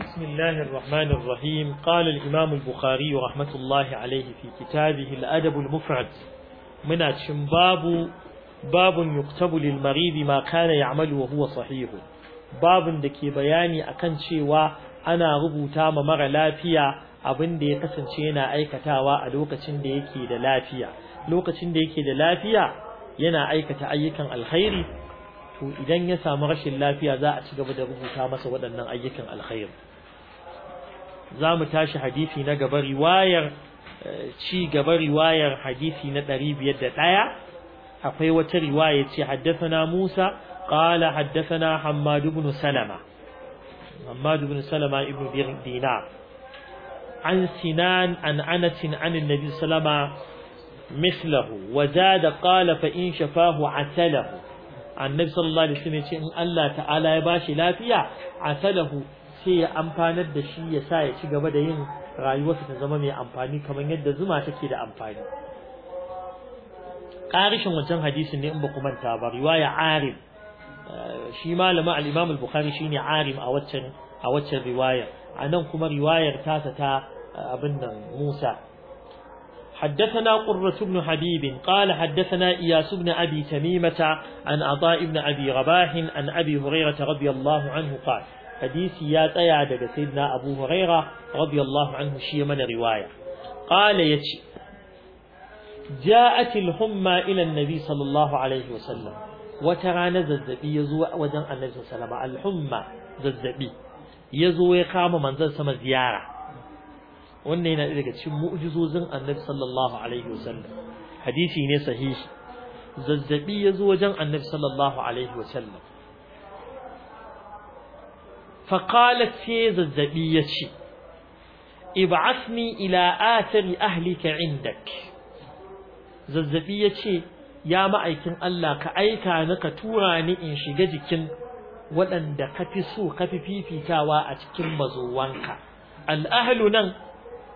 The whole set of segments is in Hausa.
بسم الله الرحمن الرحيم قال الإمام البخاري رحمة الله عليه في كتابه الأدب المفرد من باب باب يكتب للمريض ما كان يعمل وهو صحيح باب دكي بياني أكن شيوا أنا ربو تام مر لافيا abin da ya kasance na aikatawa a lokacin da yake da lafiya lokacin da yake da lafiya yana aikata ayyukan alkhairi to idan ya samu rashin lafiya za a ci gaba da rubuta masa waɗannan ayyukan alkhairi za mu tashi hadisi na gaba riwayar eh, ci gaba riwayar hadisi na ɗaya. akwai wata riwaya ce haddathana Musa qala haddathana Hammad bin Salama Hammad bin Salama ibn dina an Sinan an Anas an Annabi sallama مثله وزاد A فإن شفاه عسله النبي صلى الله عليه وسلم Allah Ta'ala ya يباشي لا فيها عسله sai ya amfanar da shi ya sa ya ci gaba da yin rayuwarsa ta zama mai amfani kamar yadda zuma take da amfani ƙarishin wancan hadisin ne in ba ku manta ba riwaya arim eh, shi malama al-imam al-bukhari shine arim a waccan a waccan riwaya anan kuma riwayar tasa ta eh, abin nan Musa حدثنا قرة بن حبيب قال حدثنا إياس بن أبي تميمة عن عطاء بن أبي رباح عن أبي هريرة رضي الله عنه قال hadisi ya tsaya daga sayyidina Abu Huraira radiyallahu anhu shi mana riwaya qala yace جاءت الحمى إلى النبي صلى الله عليه وسلم وترانا زلزبي يزوى وجن النبي صلى الله عليه وسلم الحمى زلزبي يزوى قام من زلزم زيارة wannan yana daga cikin mu'jizozin Annabi sallallahu alaihi wasallam hadisi ne sahihi zazzabi yazo wajen Annabi sallallahu alaihi wasallam zazzaɓi فقالت سيز الزبية ابعثني إلى آثر أهلك عندك زبية ya ma'aikin Allah ka aika ni ka tura ni in shiga jikin waɗanda ka fi so ka fi fifitawa a cikin mazowanka al'ahlu nan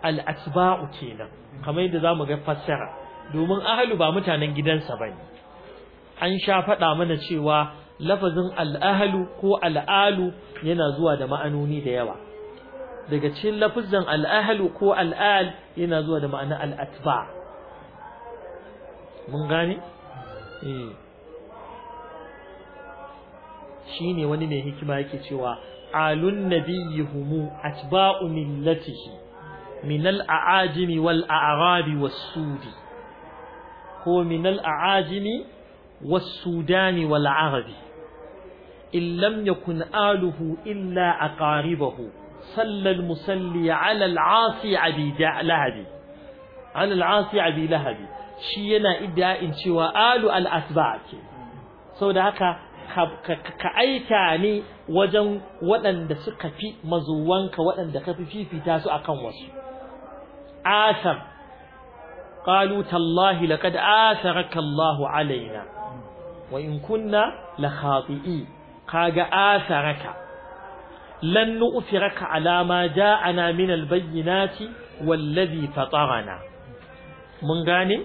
al'asba'u kenan kamar da zamu ga fassara domin ahalu ba mutanen gidansa ba ne. an sha faɗa mana cewa lafazin al'ahalu ko al'alu yana zuwa da ma'anoni da yawa daga cikin lafazin al'ahalu ko al'al yana zuwa da ma'ana al'atba mun gane eh. shi ne wani mai hikima yake cewa alun nabiyyi humu atba'u millatihi min al'ajimi wal a'rabi wasu sudi ko min al'ajimi wasu sudani wal arabi إن لم aluhu illa a أقاربه sallar المصلي على العاصي عبي لهبي على العاصي عبي لهبي shi yana idda'in cewa alu al-asba ce saboda haka ka aika ni wajen waɗanda suka fi mazuwanka waɗanda ka fi fifita su akan wasu Asar qalu tallahi laqad asaraka Allahu alaina wa in kunna la kaga asaraka lan nu'thiraka ala ma ja'ana min al wallazi fatarana mun gane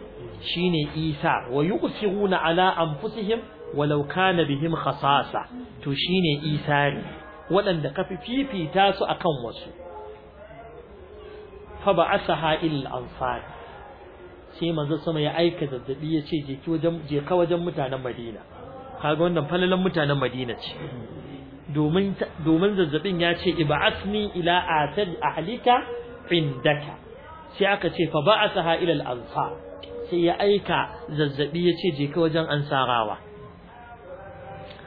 shine isa wa na ala anfusihim walau kana bihim khasasa to shine isa ne waɗanda ka fifita su akan wasu fa ba'asaha il ansar sai manzo sama ya aika zazzabi ya ce je ka wajen mutanen Madina kaga wannan falalan mutanen Madina ce domin domin zazzabin ya ce ib'athni ila atad ahlika indaka sai aka ce fa ba'athaha ila al sai ya aika zazzabi ya ce je ka wajen ansarawa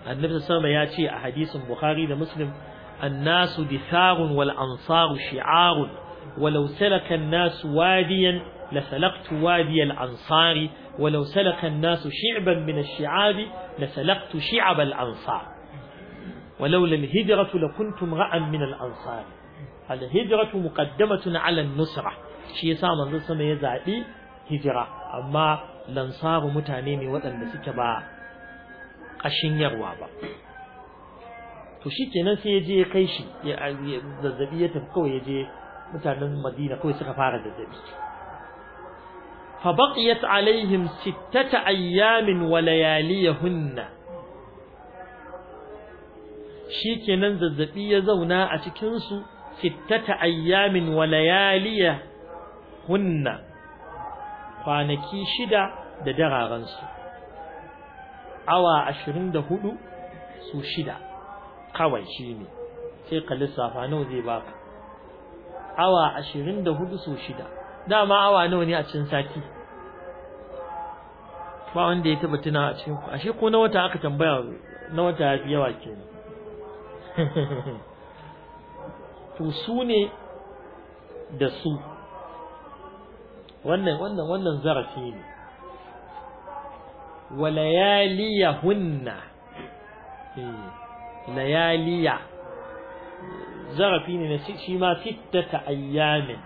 annabi sama ya ce a hadisin bukhari da muslim annasu disarun wal ansaru shi'arun walau salaka an-nas wadiyan لسلقت وادي الأنصار ولو سلق الناس شعبا من الشعاب لسلقت شعب الأنصار ولولا الهجرة لكنت امرأ من الأنصار الهجرة مقدمة على النصرة شيء سامن رسم يزعي هجرة أما الأنصار متانين وأن سكبا قشن يروابا تشيك ناس يجي قيشي ya je يجي kai مدينة zazzabi ya tafi fa baqiyat alaihim sittata ayyamin wa layaliyahunna shikenan zazzabi ya zauna a cikin su sittata ayyamin yaliya hunna. kwanaki shida da dararan su awa 24 su shida kawai shine sai ka lissafa zai baka awa 24 su shida dama awa nawa ne a cikin sati ba wanda ya taba tuna a cikin ashe ko na wata aka tambaya na wata ya fi yawa kenan to su ne da su wannan wannan wannan zarafi ne Wa eh, layaliya zarafi ne na shi ma ta ayyamin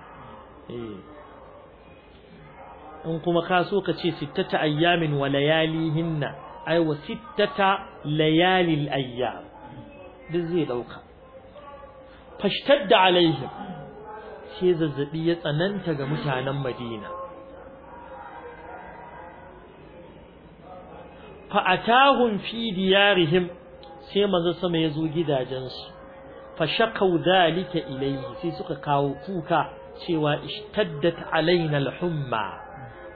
eh. in kuma ka so ka ce sittata ayyamin wa layalihinna ay wa sittata layalil ayyam duk zai dauka fashtadda alaihim sai zazzabi ya tsananta ga mutanen Madina fa atahum fi diyarihim sai manzo sama ya zo gidajensu fa shakau dhalika ilayhi sai suka kawo kuka cewa ishtaddat alaina al-humma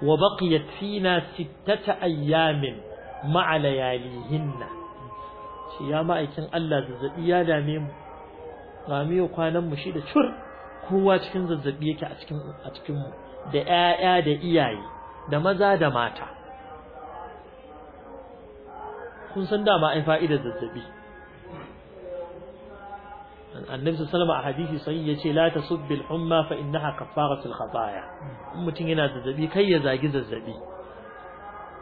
wa baqiyat fina sittata ayyamin ma'a layalihinna shi ya ma'aikin Allah zazzabi ya dame mu ga miyo kwanan mu shi da cur kowa cikin zazzabi yake a cikinmu da 'ya'ya da iyaye da maza da mata kun san da ma ai fa'idar zazzabi annabi sallallahu alaihi wasallam hadisi sai yace la tasubbil humma fa innaha kaffaratul khataya in mutun yana zazzabi kai ya zagi zazzabi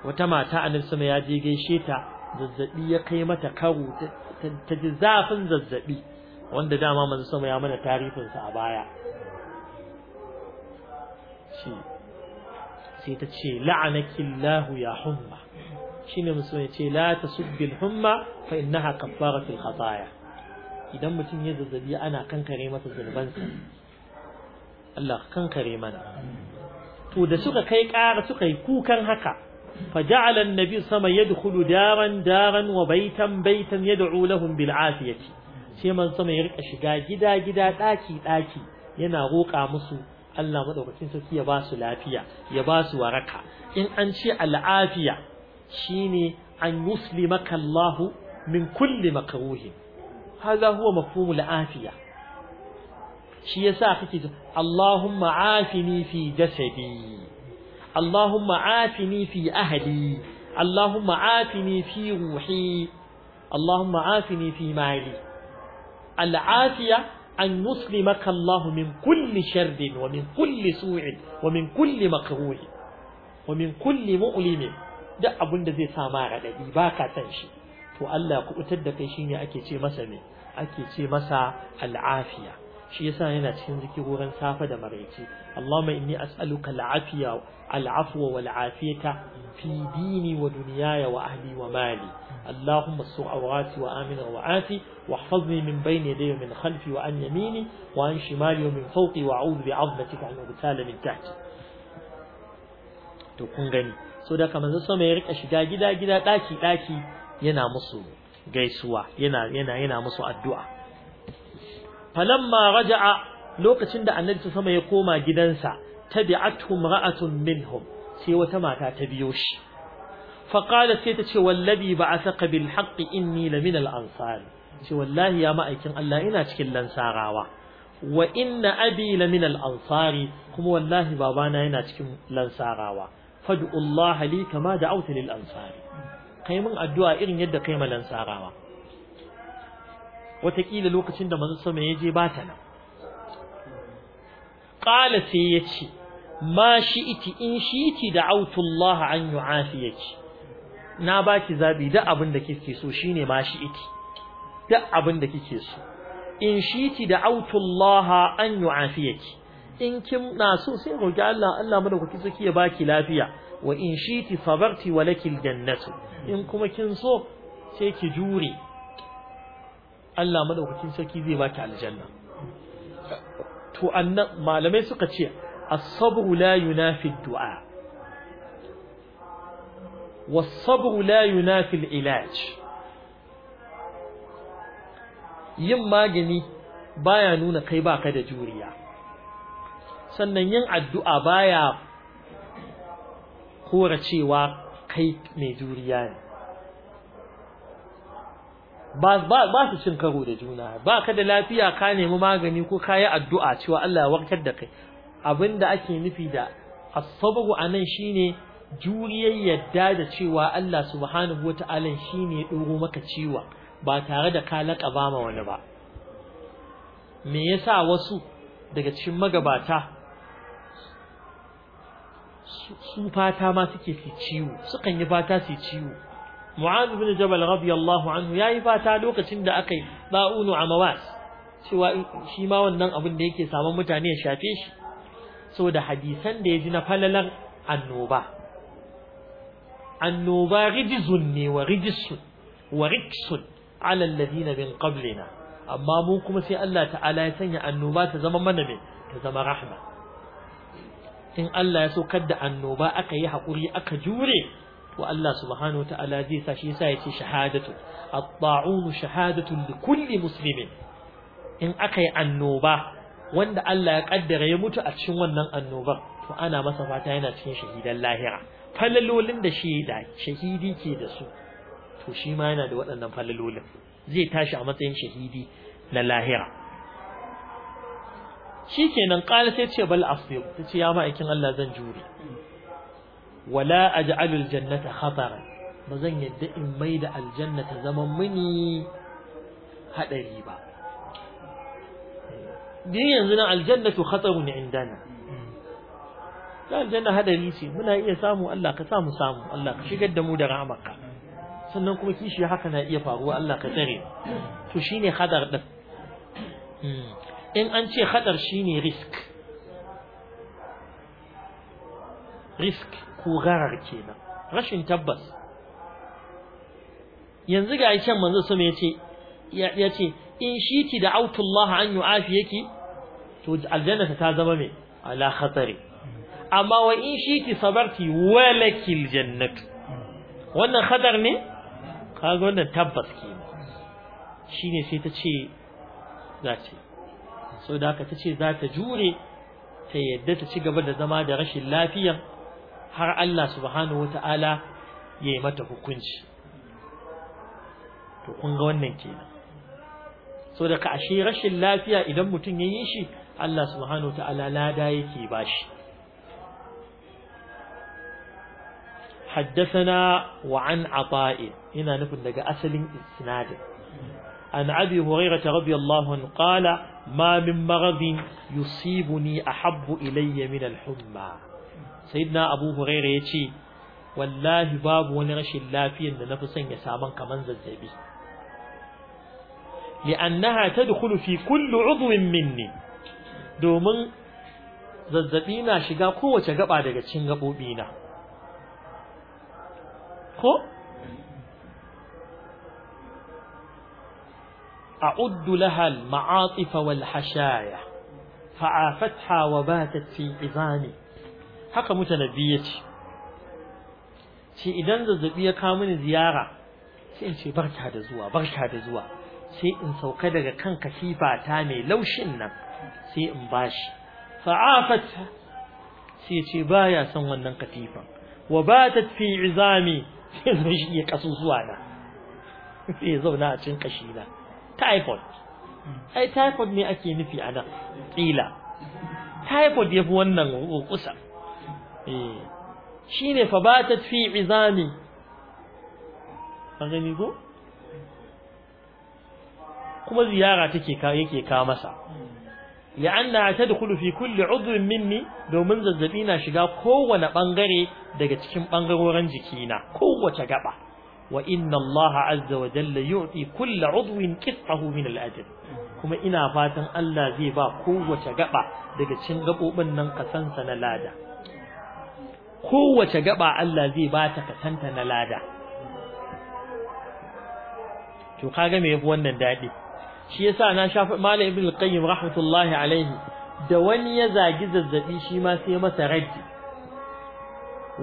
wata mata annabi sallallahu ya je gaishe ta zazzabi ya kai mata karo ta ji zafin zazzabi wanda dama manzo sama ya mana tarihin sa a baya shi sai ta ce la'anakillahu ya humma shine musulmi ce la tasubbil humma fa innaha kaffaratul khataaya idan mutum ya zazzabi ana kankare masa zunubansa Allah kankare mana to da suka kai ƙara suka yi kukan haka فجعل sama صلى الله عليه daran wa baitan baitan وبيتا بيتا يدعو لهم بالعافية sai man sama ya rika shiga gida gida daki daki yana roƙa musu Allah madaukakin sarki ya ba su lafiya ya ba su waraka in an ce al'afiya shine an yuslimaka Allah min kulli makruhin haza huwa mafhumul afiya shi yasa kake Allahumma afini fi jasadi Allahumma afini fi ahli Allahumma afini fi ruhi Allahumma afini fi mali al'afiya an yuslimaka Allah min kulli sharrin wa min kulli su'in wa min kulli makruhi wa min kulli mu'limin duk abinda zai sa ma radadi baka san shi to Allah kubutar da kai shine ake ce masa me ake ce masa al'afiya shi yasa yana cikin zikirorin safa da maraice Allahumma inni as'aluka al'afiya al'afwa wal afiyata fi dini wa dunyaya wa ahli wa mali اللهم استر عوراتي وآمن روعاتي واحفظني من بين يدي ومن خلفي وعن يميني وعن شمالي ومن فوقي وأعوذ بعظمتك أن أغتال من تحتي to kun gani so da kamar zan so mai rika shiga gida gida daki daki yana musu gaisuwa yana yana yana musu addu'a falamma raja'a lokacin da annabi sama ya koma gidansa tabi'atuhum ra'atun minhum sai wata mata ta biyo shi فقالت sai ce wallabi ba'athaka bil haqqi inni la min al ansar ce wallahi ya ma'aikin Allah ina cikin lansarawa wa inna abi lamina al ansari kuma wallahi babana yana cikin lansarawa fad'u Allah li kama da'awta lil ansari kai min addu'a irin yadda kai malan sarawa wataƙila lokacin da manzo sama yaje je ba ta nan qala sai ya ce ma iti in shi'iti da'awtu Allah an yu'afiyaki na baki zabi da abin da kike so shine ma iti da abin da kike so in shi'iti da'awtu Allah an yu'afiyaki in kin na so sai roki Allah Allah madaukaki ki ya baki lafiya wa in shiti sabarti wa lakil jannatu in kuma kin so sai ki jure Allah madaukakin sarki zai baki aljanna to annan malamai suka ce as-sabru la yunafi du'a was-sabru la yunafi al-ilaj yin magani baya nuna kai baka da juriya sannan yin addu'a baya kora cewa kai mai juriya ne ba su cin karo da juna ba ka da lafiya ka nemi magani ko ka yi addu'a cewa Allah ya warkar da kai abin da ake nufi da asabu a nan shine juriyar yadda da cewa Allah subhanahu wata'ala shine ya ɗoro maka ciwa ba tare da ka ba ma wani ba me yasa wasu daga cikin magabata su fata ma suke su ciwo sukan yi fata su ciwo mu'az ibn jabal radiyallahu anhu yayi fata lokacin da akai ba'unu amawas cewa shi ma wannan abin da yake samun mutane ya shafe shi saboda hadisan da ji na falalar annoba annoba rijizun ne wa rijisun wa riksun ala alladhina min qablina amma mu kuma sai Allah ta'ala ya sanya annoba ta zama mana ne ta zama rahma in Allah ya saukar da annoba aka yi haƙuri aka jure to Allah subhanahu wa ta'ala zai sa shi yasa ce shahadatu at-ta'un shahadatu li kulli muslimin in aka yi annoba wanda Allah ya kaddara ya mutu a cikin wannan annobar to ana masa fata yana cikin shahidan lahira falalolin da shi da shahidi ke da su to shi ma yana da waɗannan falalolin zai tashi a matsayin shahidi na lahira shikenan qala sai ce bal ta ce ya ma'aikin Allah zan jure wala aj'alul jannata ba zan yadda in maida aljanna ta zama mini haɗari ba din yanzu na aljannatu khatarun indana ta aljanna haɗari ce muna iya samu Allah ka samu samu Allah ka shigar da mu da ramaka, sannan kuma kishi haka na iya faruwa Allah ka tsare to shine hadar din hmm in an ce shi ne risk risk ko garar kenan rashin tabbas yanzu ga can manzo su me ya ce in shiki da autullah an yake, to aljanna ta zama me ala khatari amma wa in shiki sabarti walakil jannatu wannan khatar ne kaga wannan tabbas kenan shine sai ta ce zace so da haka tace za ta jure ta yadda ta ci gaba da zama da rashin lafiya har Allah subhanahu wata'ala ya yi mata hukunci to kun ga wannan kenan so da ka ashe rashin lafiya idan mutum ya yi shi Allah subhanahu wata'ala lada yake bashi حدثنا وعن عطاء هنا نفن لك أسل إسناد عن أبي هريرة رضي الله عنه قال ma min maradin yusibuni ahabbu ilayya min al-humma sayyidina abu hurairah yace wallahi babu wani rashin lafiyar da nafi son ya saman kaman zazzabi li'annaha tadkhulu fi kulli 'udwin minni domin zazzabi na shiga kowace gaba daga cikin gabobi na ko أعد لها المعاطف والحشايا فعافتها وباتت في عظامي حقا متنبيتي شي إذن زبيا كامن زيارة شي إنشي بركة هذا زوا بركة هذا زوا شي إن سوكدك كان كثيفة تامي لو شنا شي مباش باش فعافتها شي إنشي بايا سوانا كثيفة وباتت في عظامي شي إنشي يكسو زوانا شي زوانا شي typhoid ai typhoid ne ake nufi a nan Taifod typhoid yafi wannan kusa eh shine fa batat fi izami gani go kuma ziyara take ka yake ka masa li'anna tadkhulu fi kulli udhrin minni domin zazzabi na shiga kowane ɓangare daga cikin ɓangarorin jikina kowace gaba wa inna allaha azza wa jalla yu'ti kulli udwin qit'ahu min al kuma ina fatan Allah zai ba kowace gaba daga cikin gabobin nan kasanta na lada kowace gaba Allah zai ba ta kasanta na lada to kaga me yafi wannan daɗi? shi yasa na shafi malam ibn rahmatullahi a'laihi. da wani ya zagi zazzabi shi ma sai masa raddi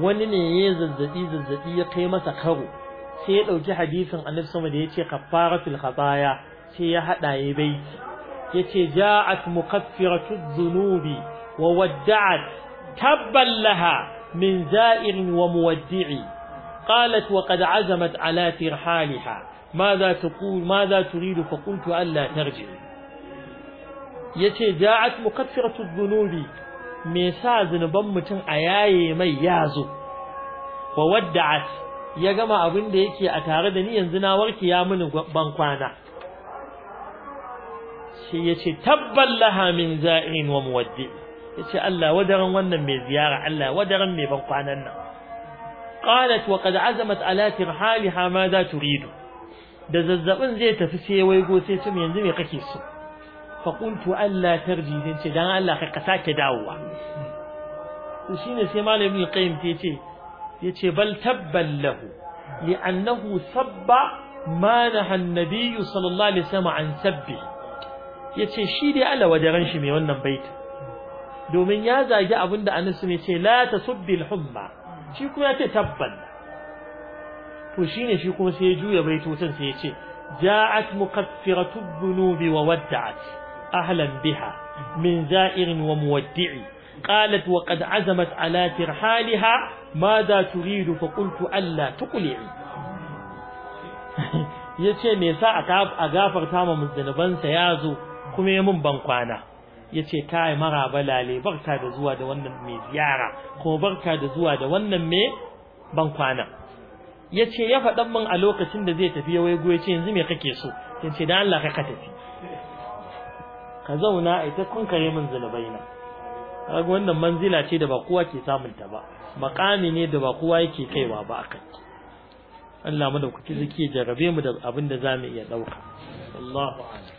wani ne ya zazzabi zazzaɓi ya kai masa karo sai ya dauki hadisin annabi sama da yace ce kaffaratul khataya sai ya hada ya baiti yace ja'at mukaffiratu dhunubi wa wadda'at taballaha min za'irin wa muwaddi'i qalat wa qad 'azamat 'ala tirhaliha madha taqul madha turidu fa qultu alla tarji yace ja'at ترجع dhunubi me sa الذنوب mutun ayaye mai yazo wa wadda'at ya gama abin da yake a tare da ni yanzu na warke ya mini ban kwana shi ya ce tabban laha min za'in wa muwaddi ya ce Allah wadaran wannan mai ziyara Allah wadaran mai ban kwanan nan qalat wa qad azamat ala tirhaliha ma za turidu da zazzabin zai tafi sai waigo sai ce yanzu me kake so fa qultu alla tarji dan ce dan Allah ka sake dawowa shi ne sai malamin qayyim ce yace bal tabban lahu li'annahu sabba ma naha an sallallahu alaihi wasallam an sabbi yace shi dai Allah wajaran shi mai wannan baiti domin ya zagi abunda Anas ne ce la tasubbil humma shi kuma ce tabban to shi kuma sai ya juya baitotan sai yace ja'at muqaffiratu dhunubi wa wadda'at ahlan biha min za'irin wa muwaddi'i قالت وقد عزمت على ترحالها ماذا تريد فقلت ألا تقلعي yace me yasa a gafarta ma musdanabansa yazo kuma ya mun ban kwana yace kai mara balale barka da zuwa da wannan mai ziyara kuma barka da zuwa da wannan mai ban kwana yace ya faɗan min a lokacin da zai tafi ya waigo yace yanzu me kake so yace dan Allah ka ka tafi ka zauna ai ta kunkare min zulubaina kaga wannan manzila ce da ba kowa ke samun ta ba makami ne da ba kowa yake kaiwa ba akai Allah madaukaki zaki ya jarabe mu da abin da zamu iya dauka Allahu a'lam